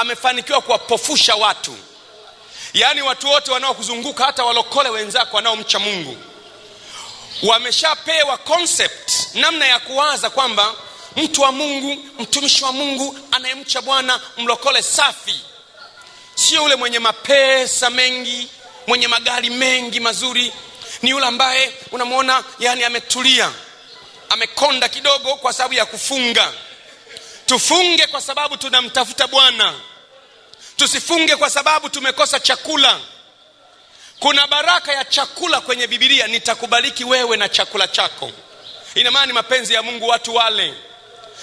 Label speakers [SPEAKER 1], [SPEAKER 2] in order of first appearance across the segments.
[SPEAKER 1] amefanikiwa kuwapofusha watu, yaani watu wote wanaokuzunguka, hata walokole wenzako wanaomcha Mungu wameshapewa concept, namna ya kuwaza kwamba mtu wa Mungu, mtumishi wa Mungu, anayemcha Bwana, mlokole safi, sio yule mwenye mapesa mengi, mwenye magari mengi mazuri. Ni yule ambaye unamwona, yani ametulia, amekonda kidogo, kwa sababu ya kufunga. Tufunge kwa sababu tunamtafuta Bwana. Tusifunge kwa sababu tumekosa chakula. Kuna baraka ya chakula kwenye bibilia nitakubaliki wewe na chakula chako. Ina maana ni mapenzi ya Mungu watu wale.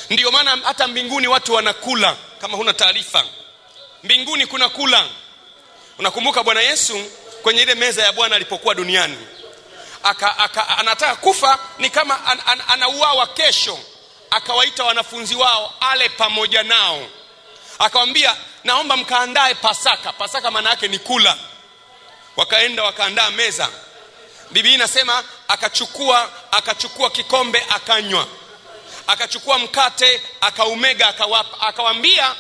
[SPEAKER 1] Ndiyo maana hata mbinguni watu wanakula. Kama huna taarifa, mbinguni kuna kula. Unakumbuka Bwana Yesu kwenye ile meza ya Bwana alipokuwa duniani aka, aka, anataka kufa, ni kama an, an, anauawa kesho. Akawaita wanafunzi wao ale pamoja nao, akawambia naomba mkaandae Pasaka. Pasaka maana yake ni kula. Wakaenda wakaandaa meza. Biblia inasema akachukua, akachukua kikombe akanywa, akachukua mkate akaumega, akawapa, akawaambia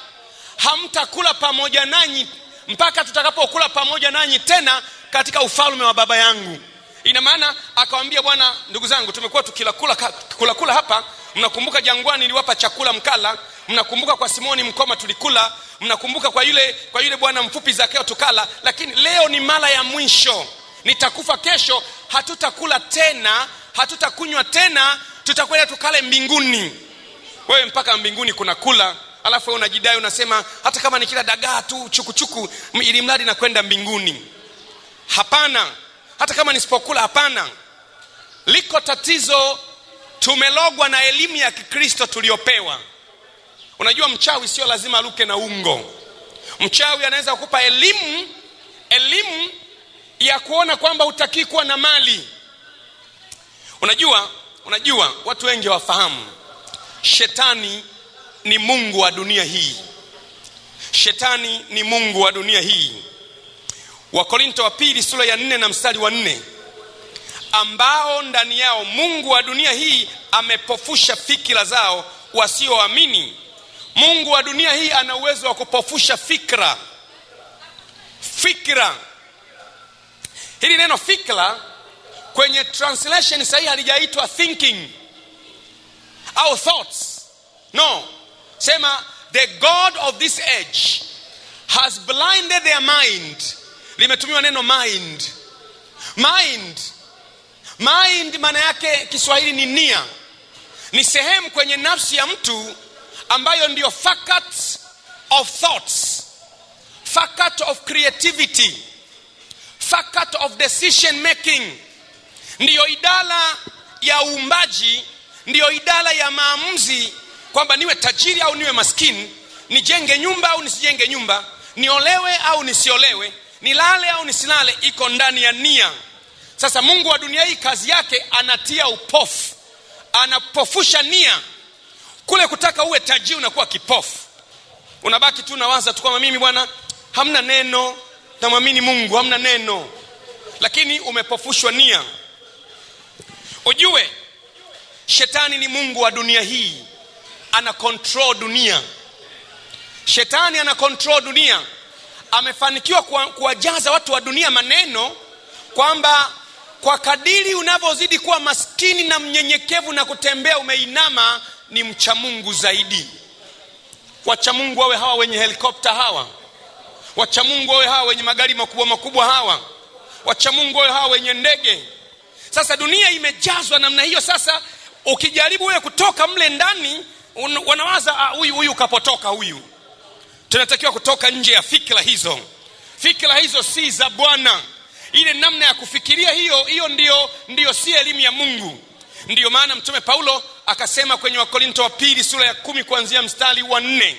[SPEAKER 1] hamtakula pamoja nanyi mpaka tutakapokula pamoja nanyi tena katika ufalme wa Baba yangu. Ina maana akawaambia, bwana, ndugu zangu, tumekuwa tukilakula kula, kula hapa Mnakumbuka jangwani niliwapa chakula mkala, mnakumbuka kwa Simoni mkoma tulikula, mnakumbuka kwa yule, kwa yule bwana mfupi Zakeo tukala. Lakini leo ni mara ya mwisho, nitakufa kesho, hatutakula tena, hatutakunywa tena, tutakwenda tukale mbinguni. Wewe mpaka mbinguni kuna kula, alafu unajidai unasema hata kama nikila dagaa tu chukuchuku, ili mradi nakwenda mbinguni. Hapana, hata kama nisipokula, hapana. Liko tatizo Tumelogwa na elimu ya Kikristo tuliyopewa. Unajua, mchawi sio lazima aluke na ungo. Mchawi anaweza kukupa elimu, elimu ya kuona kwamba utakii kuwa na mali. Unajua, unajua watu wengi wafahamu shetani ni mungu wa dunia hii. Shetani ni mungu wa dunia hii. Wakorinto wa pili sura ya nne na mstari wa nne ambao ndani yao mungu wa dunia hii amepofusha fikira zao wasioamini. Mungu wa dunia hii ana uwezo wa kupofusha fikra. Fikra, hili neno fikra kwenye translation sahihi halijaitwa thinking au thoughts. No, sema the god of this age has blinded their mind. Limetumiwa neno mind, mind Mind maana yake Kiswahili ni nia, ni sehemu kwenye nafsi ya mtu ambayo ndiyo fakat of thoughts, fakat of creativity, fakat of decision making, ndiyo idara ya uumbaji, ndiyo idara ya maamuzi, kwamba niwe tajiri au niwe maskini, nijenge nyumba au nisijenge nyumba, niolewe au nisiolewe, nilale au nisilale, iko ndani ya nia. Sasa Mungu wa dunia hii kazi yake anatia upofu, anapofusha nia. Kule kutaka uwe tajii unakuwa kipofu, unabaki tu nawaza tu kwamba mimi bwana, hamna neno, namwamini Mungu, hamna neno, lakini umepofushwa nia. Ujue shetani ni mungu wa dunia hii, ana control dunia. Shetani ana control dunia, amefanikiwa kuwajaza watu wa dunia maneno kwamba kwa kadiri unavyozidi kuwa maskini na mnyenyekevu na kutembea umeinama, ni mcha Mungu zaidi. Wachamungu wawe hawa wenye helikopta hawa, wachamungu wawe hawa wenye magari makubwa makubwa hawa, wachamungu wawe hawa wenye ndege. Sasa dunia imejazwa namna hiyo. Sasa ukijaribu wewe kutoka mle ndani, wanawaza ah, huyu huyu kapotoka huyu. Tunatakiwa kutoka nje ya fikra hizo. Fikra hizo si za Bwana ile namna ya kufikiria hiyo hiyo, ndiyo, ndio si elimu ya Mungu. Ndiyo maana mtume Paulo akasema kwenye Wakorinto wa pili sura ya kumi kuanzia mstari wa nne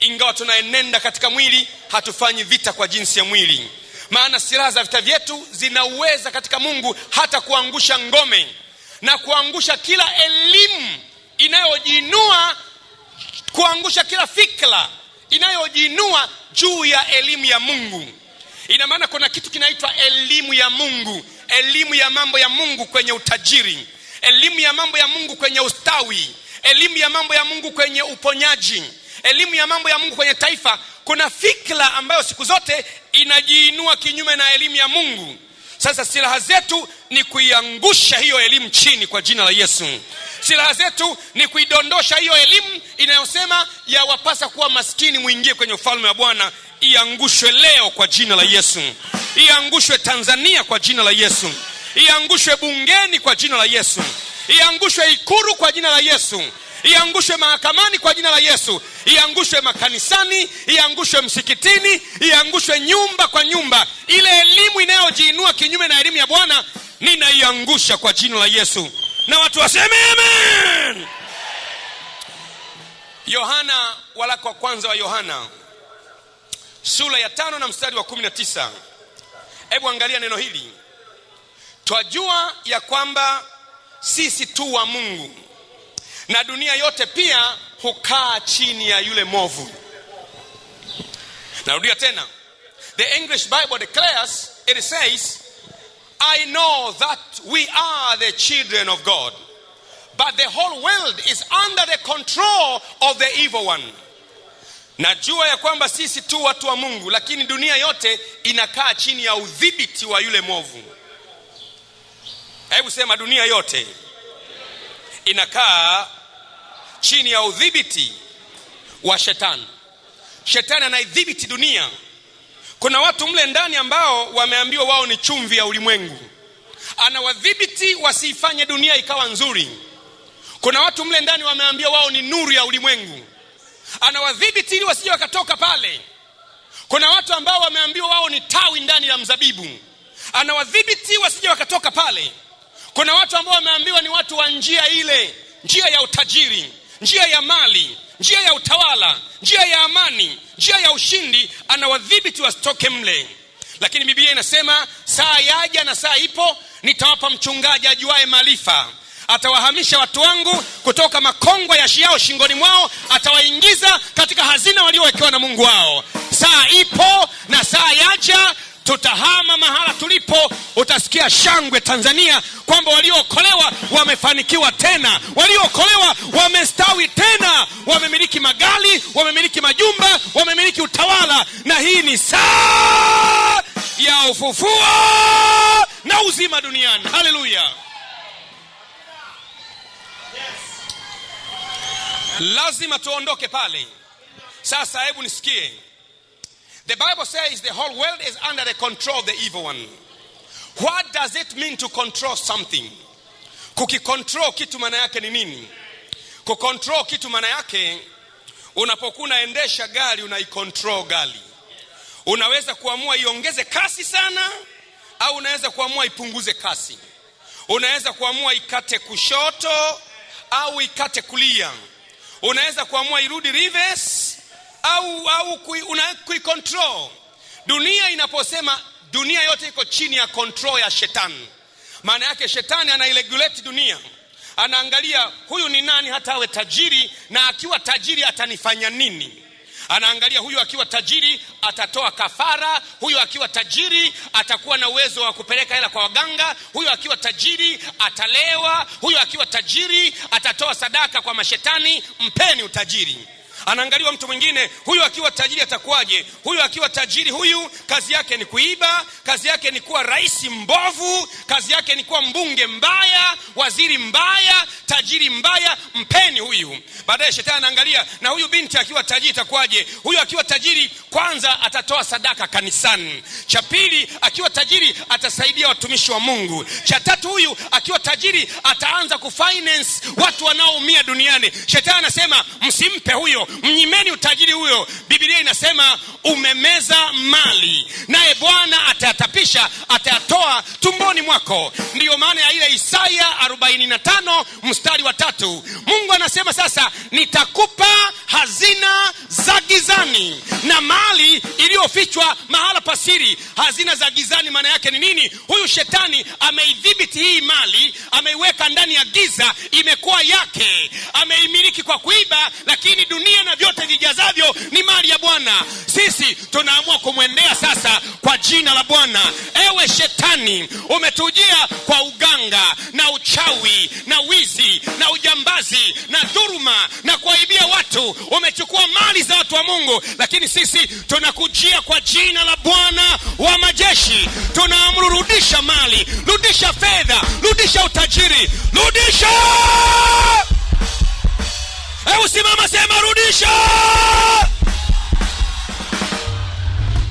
[SPEAKER 1] ingawa tunaenenda katika mwili hatufanyi vita kwa jinsi ya mwili, maana silaha za vita vyetu zinauweza katika Mungu hata kuangusha ngome na kuangusha kila elimu inayojiinua, kuangusha kila fikra inayojiinua juu ya elimu ya Mungu. Ina maana kuna kitu kinaitwa elimu ya Mungu, elimu ya mambo ya Mungu kwenye utajiri, elimu ya mambo ya Mungu kwenye ustawi, elimu ya mambo ya Mungu kwenye uponyaji, elimu ya mambo ya Mungu kwenye taifa. Kuna fikra ambayo siku zote inajiinua kinyume na elimu ya Mungu. Sasa silaha zetu ni kuiangusha hiyo elimu chini kwa jina la Yesu. Silaha zetu ni kuidondosha hiyo elimu inayosema yawapasa kuwa maskini mwingie kwenye ufalme wa Bwana iangushwe leo kwa jina la Yesu, iangushwe Tanzania kwa jina la Yesu, iangushwe bungeni kwa jina la Yesu, iangushwe Ikuru kwa jina la Yesu, iangushwe mahakamani kwa jina la Yesu, iangushwe makanisani, iangushwe msikitini, iangushwe nyumba kwa nyumba. Ile elimu inayojiinua kinyume na elimu ya Bwana ninaiangusha kwa jina la Yesu, na watu waseme amen. Yohana, waraka wa kwanza wa Yohana sura ya tano na mstari wa kumi na tisa. Hebu angalia neno hili, twajua ya kwamba sisi tu wa Mungu na dunia yote pia hukaa chini ya yule movu Narudia tena, the English Bible declares it says I know that we are the children of God but the whole world is under the control of the evil one Najua ya kwamba sisi tu watu wa Mungu, lakini dunia yote inakaa chini ya udhibiti wa yule mwovu. Hebu sema, dunia yote inakaa chini ya udhibiti wa shetani. Shetani anaidhibiti dunia. Kuna watu mle ndani ambao wameambiwa wao ni chumvi ya ulimwengu, anawadhibiti wasiifanye dunia ikawa nzuri. Kuna watu mle ndani wameambiwa wao ni nuru ya ulimwengu anawadhibiti ili wasije wakatoka pale. Kuna watu ambao wameambiwa wao ni tawi ndani ya mzabibu, anawadhibiti wasije wakatoka pale. Kuna watu ambao wameambiwa ni watu wa njia ile, njia ya utajiri, njia ya mali, njia ya utawala, njia ya amani, njia ya ushindi, anawadhibiti wasitoke mle. Lakini Biblia inasema saa yaja na saa ipo, nitawapa mchungaji ajuaye maarifa atawahamisha watu wangu kutoka makongwa ya shiao shingoni mwao, atawaingiza katika hazina waliowekewa na Mungu wao. Saa ipo na saa yaja, tutahama mahala tulipo. Utasikia shangwe Tanzania kwamba waliookolewa wamefanikiwa tena, waliookolewa wamestawi tena, wamemiliki magari, wamemiliki majumba, wamemiliki utawala, na hii ni saa ya ufufuo na uzima duniani. Haleluya! Lazima tuondoke pale. Sasa hebu nisikie. The Bible says the whole world is under the control of the evil one. What does it mean to control something? Kukicontrol kitu maana yake ni nini? Kucontrol kitu maana yake unapokuwa unaendesha gari unaikontrol gari. Unaweza kuamua iongeze kasi sana au unaweza kuamua ipunguze kasi. Unaweza kuamua ikate kushoto au ikate kulia. Unaweza kuamua irudi reverse au, au kui, una, kuikontrol. Dunia inaposema dunia yote iko chini ya control ya shetani, maana yake shetani anairegulate dunia anaangalia huyu ni nani, hata awe tajiri, na akiwa tajiri atanifanya nini? Anaangalia huyu akiwa tajiri atatoa kafara, huyu akiwa tajiri atakuwa na uwezo wa kupeleka hela kwa waganga, huyu akiwa tajiri atalewa, huyu akiwa tajiri atatoa sadaka kwa mashetani. Mpeni utajiri anaangaliwa mtu mwingine, huyu akiwa tajiri atakuwaje? Huyu akiwa tajiri, huyu kazi yake ni kuiba, kazi yake ni kuwa rais mbovu, kazi yake ni kuwa mbunge mbaya, waziri mbaya, tajiri mbaya, mpeni huyu. Baadaye shetani anaangalia, na huyu binti akiwa tajiri itakuwaje? Huyu akiwa tajiri, kwanza atatoa sadaka kanisani, cha pili akiwa tajiri atasaidia watumishi wa Mungu, cha tatu huyu akiwa tajiri ataanza kufinance watu wanaoumia duniani. Shetani anasema msimpe huyo, mnyimeni utajiri huyo. bibilia inasema umemeza mali, naye Bwana atayatapisha, atayatoa tumboni mwako. Ndiyo maana ya ile Isaya 45 mstari wa tatu, Mungu anasema sasa, nitakupa hazina za gizani na mali iliyofichwa mahala pasiri. Hazina za gizani maana yake ni nini? Huyu shetani ameidhibiti hii mali, ameiweka ndani ya giza, imekuwa yake, ameimiliki kwa kuiba, lakini dunia dunia na vyote vijazavyo ni mali ya Bwana. Sisi tunaamua kumwendea sasa kwa jina la Bwana. Ewe shetani, umetujia kwa uganga na uchawi na wizi na ujambazi na dhuruma na kuaibia watu, umechukua mali za watu wa Mungu, lakini sisi tunakujia kwa jina la Bwana wa majeshi, tunaamuru rudisha mali, rudisha fedha, rudisha utajiri, rudisha Hebu simama, sema rudisha